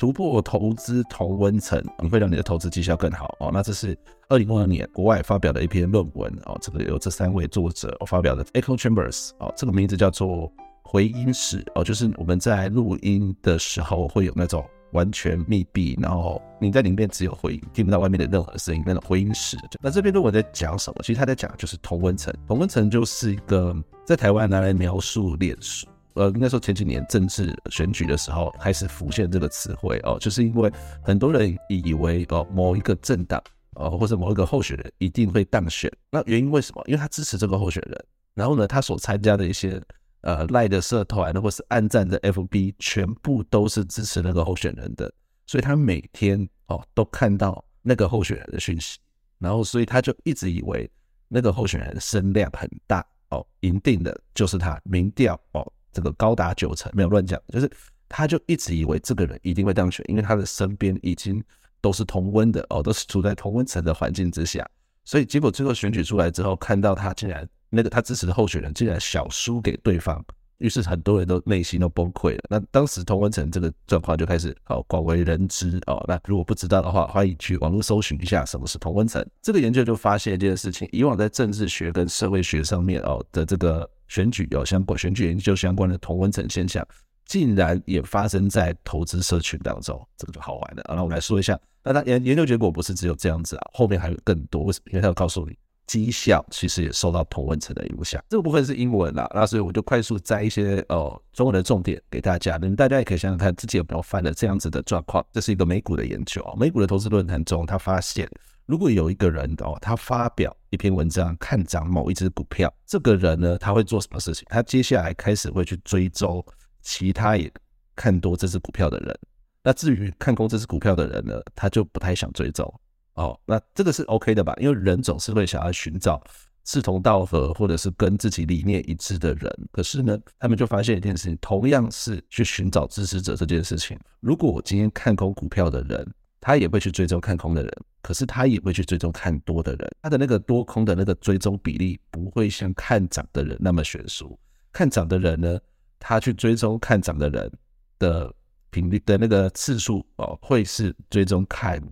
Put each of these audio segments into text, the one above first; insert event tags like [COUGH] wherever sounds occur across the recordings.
突破投資同溫層，你會讓你的投資績效更好哦。那這是二零二二年國外發表的一篇論文哦，這個有這三位作者發表的 Echo Chambers 哦，這個名字叫做回音室哦，就是我們在錄音的時候會有那種完全密閉，然後你在裡面只有回音，聽不到外面的任何聲音，那種回音室。那這篇論文在講什麼？其實他在講就是同溫層，同溫層就是一個在台灣拿來描述臉書。呃，應該說前幾年政治選舉的時候開始浮現這個詞彙哦，就是因為很多人以為哦某一個政黨哦或者某一個候選人一定會當選。那原因為什麼？因為他支持這個候選人，然後呢，他所參加的一些呃 LINE 的社團或是按讚的 FB，全部都是支持那個候選人的，所以他每天哦都看到那個候選人的訊息，然後所以他就一直以為那個候選人聲量很大哦，贏定的就是他，民調哦。這個高達九成沒有亂講，就是他就一直以為這個人一定會當選，因為他的身邊已經都是同溫的哦，都是處在同溫層的環境之下，所以結果最後選舉出來之後，看到他竟然那個他支持的候選人竟然小輸給對方，於是很多人都內心都崩潰了。那當時同溫層這個狀況就開始哦廣為人知哦。那如果不知道的話，歡迎去網絡搜尋一下什麼是同溫層。這個研究就發現一件事情，以往在政治學跟社會學上面哦的這個。選舉有相關選舉研究相關的同溫層現象，竟然也發生在投資社群當中，這個就好玩了啊！那我們來說一下，那他研研究結果不是只有這樣子啊，後面還有更多。為什麼？因為他要告訴你，績效其實也受到同溫層的影響。這個部分是英文啦，啊，那所以我就快速摘一些哦、呃、中文的重點給大家。你們大家也可以想想看，自己有沒有犯了這樣子的狀況？這是一個美股的研究，啊，美股的投資論壇中，他發現。如果有一個人哦，他發表一篇文章看漲某一隻股票，這個人呢，他會做什麼事情？他接下來開始會去追蹤其他也看多這隻股票的人。那至於看空這隻股票的人呢，他就不太想追蹤哦。那這個是 OK 的吧？因為人總是會想要尋找志同道合或者是跟自己理念一致的人。可是呢，他們就發現一件事情，同樣是去尋找支持者這件事情。如果我今天看空股票的人。他也會去追蹤看空的人，可是他也會去追蹤看多的人。他的那個多空的那個追蹤比例不會像看漲的人那麼懸殊。看漲的人呢，他去追蹤看漲的人的頻率的那個次數哦，會是追蹤看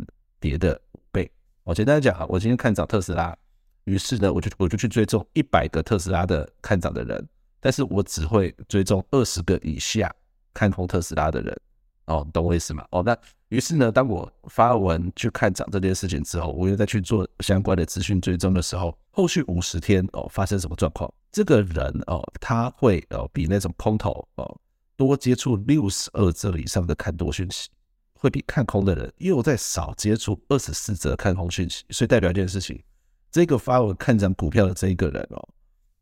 跌的五倍。我、哦、簡單來講哈，我今天看漲特斯拉，於是呢，我就我就去追蹤一百個特斯拉的看漲的人，但是我只會追蹤二十個以下看空特斯拉的人。哦，懂我意思嗎？哦，那。於是呢，當我發文去看漲這件事情之後，我又再去做相關的資訊追蹤的時候，後續五十天哦發生什麼狀況？這個人哦，他會哦比那種空頭哦多接觸六十二則以上的看多訊息，會比看空的人又再少接觸二十四則看空訊息，所以代表一件事情，這個發文看漲股票的這一個人哦。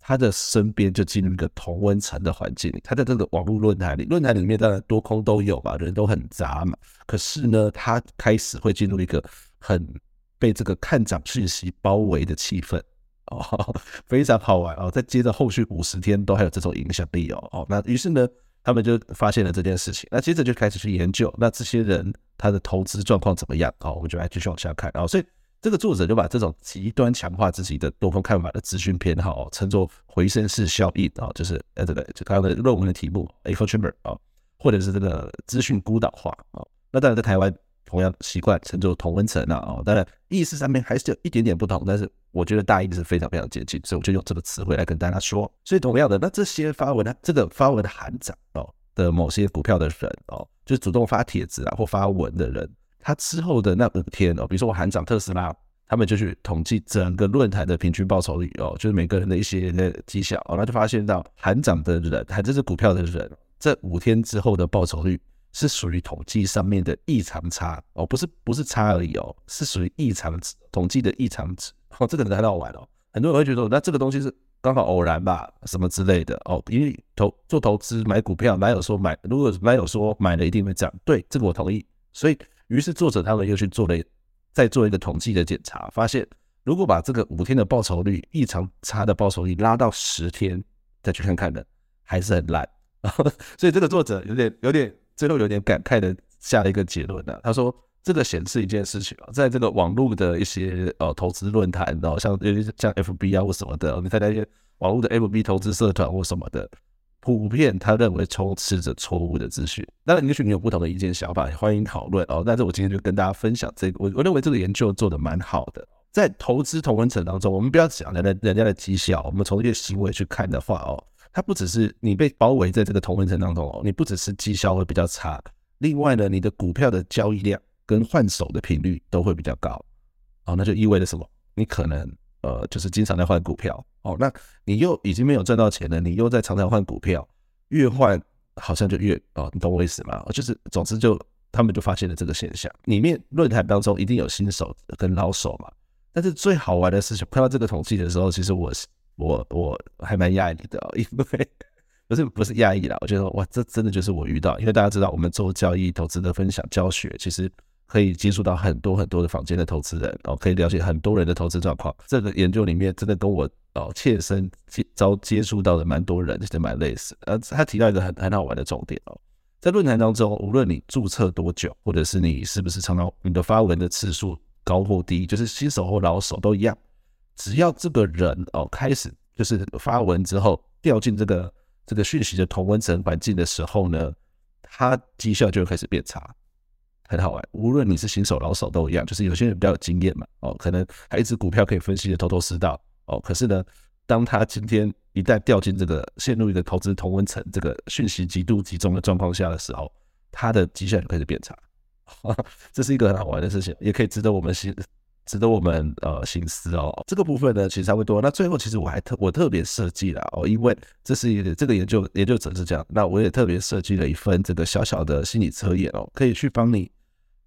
他的身邊就進入一個同溫層的環境裡，他在這個網絡論壇裡，論壇裡面當然多空都有嘛，人都很雜嘛。可是呢，他開始會進入一個很被這個看漲訊息包圍的氣氛哦，非常好玩啊、哦！再接着後續五十天都還有這種影響力哦，那於是呢，他們就發現了這件事情，那接着就開始去研究那這些人他的投資狀況怎麼樣好、哦，我們就來繼續往下看啊、哦，所以。這個作者就把這種極端強化自己的多方看法的資訊偏好、哦、稱作回聲式效應哦，就是呃這個就剛剛的論文的題目 Echo Chamber 啊、哦，或者是這個資訊孤島化啊、哦。那當然在台灣同樣習慣稱作同溫層啊，哦，當然意思上面還是有一點點不同，但是我覺得大意是非常非常接近，所以我就用這個詞彙來跟大家說。所以同樣的，那這些發文呢，這個發文的行長哦的某些股票的人哦，就主動發帖子啊或發文的人，他之後的那五天哦，比如說我喊漲特斯拉，他們就去統計整個論壇的平均報酬率哦，就是每個人的一些績效哦，那就發現到喊漲的人、喊這支股票的人，這五天之後的報酬率是屬於統計上面的異常差哦，不是不是差而已哦，是屬於異常值、統計的異常值哦，這可能很好玩哦。很多人會覺得那這個東西是剛好偶然吧，什麼之類的哦，因為投做投資買股票哪有說買，如果哪有說買了一定會漲？對，這個我同意，所以。於是作者他們又去做了，再做一個統計的檢查，發現如果把這個五天的報酬率異常差的報酬率拉到十天再去看看呢，還是很爛， [LAUGHS] 所以這個作者有點有點最後有點感慨的下了一個結論了、啊、他說這個顯示一件事情，在這個網絡的一些呃、哦、投資論壇，然後像像像 F B 啊或什麼的，哦、你在那一些網絡的 F B 投資社團或什麼的。普遍他認為充斥着錯誤的資訊，當然，也許你有不同的意見想法，歡迎討論哦。但是我今天就跟大家分享這個，我我認為這個研究做得蠻好的。在投資同溫層當中，我們不要講人人家的績效，我們從一個行為去看的話哦，它不只是你被包圍在這個同溫層當中哦，你不只是績效會比較差，另外呢，你的股票的交易量跟換手的頻率都會比較高哦，那就意味着什麼？你可能。呃，就是經常在換股票哦，那你又已經沒有賺到錢了，你又在常常換股票，越換好像就越哦，你懂我意思嗎？就是總之就他們就發現了這個現象，裡面論壇當中一定有新手跟老手嘛。但是最好玩的事情，看到這個統計的時候，其實我我我還蠻訝異的哦，因為不是不是訝異啦，我覺得哇，這真的就是我遇到，因為大家知道我們做交易投資的分享教學，其實。可以接觸到很多很多的房間的投資人哦，可以了解很多人的投資狀況。這個研究裡面真的跟我哦切身接遭接觸到的蠻多人，其實蠻類似。呃、啊，他提到一個很很好玩的重點哦，在論壇當中，無論你註冊多久，或者是你是不是常常你的發文的次數高或低，就是新手或老手都一樣，只要這個人哦開始就是發文之後掉進這個這個訊息的同溫層環境的時候呢，他績效就會開始變差。很好玩，無論你是新手老手都一樣，就是有些人比較有經驗嘛，哦，可能他一隻股票可以分析得頭頭是道，哦，可是呢，當他今天一旦掉進這個陷入，一個投資同溫層，這個訊息極度集中的狀況下的時候，他的績效就開始變差，哈哈，這是一個很好玩的事情，也可以值得我們心，值得我們呃心思哦。這個部分呢其實差不多，那最後其實我還特我特別設計了哦，因為這是也這個研究研究者是這樣，那我也特別設計了一份這個小小的心理測驗哦，可以去幫你。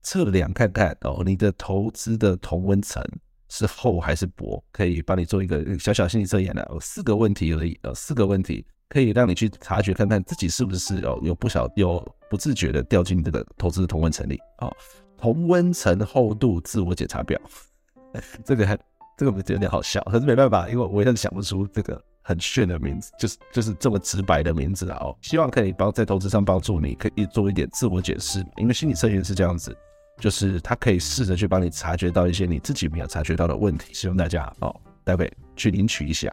測量看看哦，你的投資的同溫層是厚還是薄？可以幫你做一個小小心理測驗呢，有四個問題而已，四個問題可以讓你去察覺看看自己是不是哦，有不少，有不自覺的掉進這個投資的同溫層裡啊。同溫層厚度自我檢查表，這個還，這個我覺得有點好笑，可是沒辦法，因為我又想不出這個很炫的名字，就是就是這麼直白的名字啊。哦，希望可以幫在投資上幫助你，可以做一點自我解釋，因為心理測驗是這樣子。就是他可以試着去幫你察覺到一些你自己沒有察覺到的問題，希望大家哦，待會去領取一下。